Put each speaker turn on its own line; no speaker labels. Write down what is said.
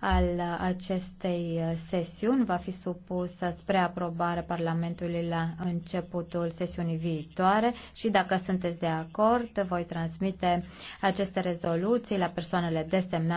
al acestei sesiuni va fi supusă spre aprobare Parlamentului la începutul sesiunii viitoare și dacă sunteți de acord, voi transmite aceste rezoluții la persoanele desemnate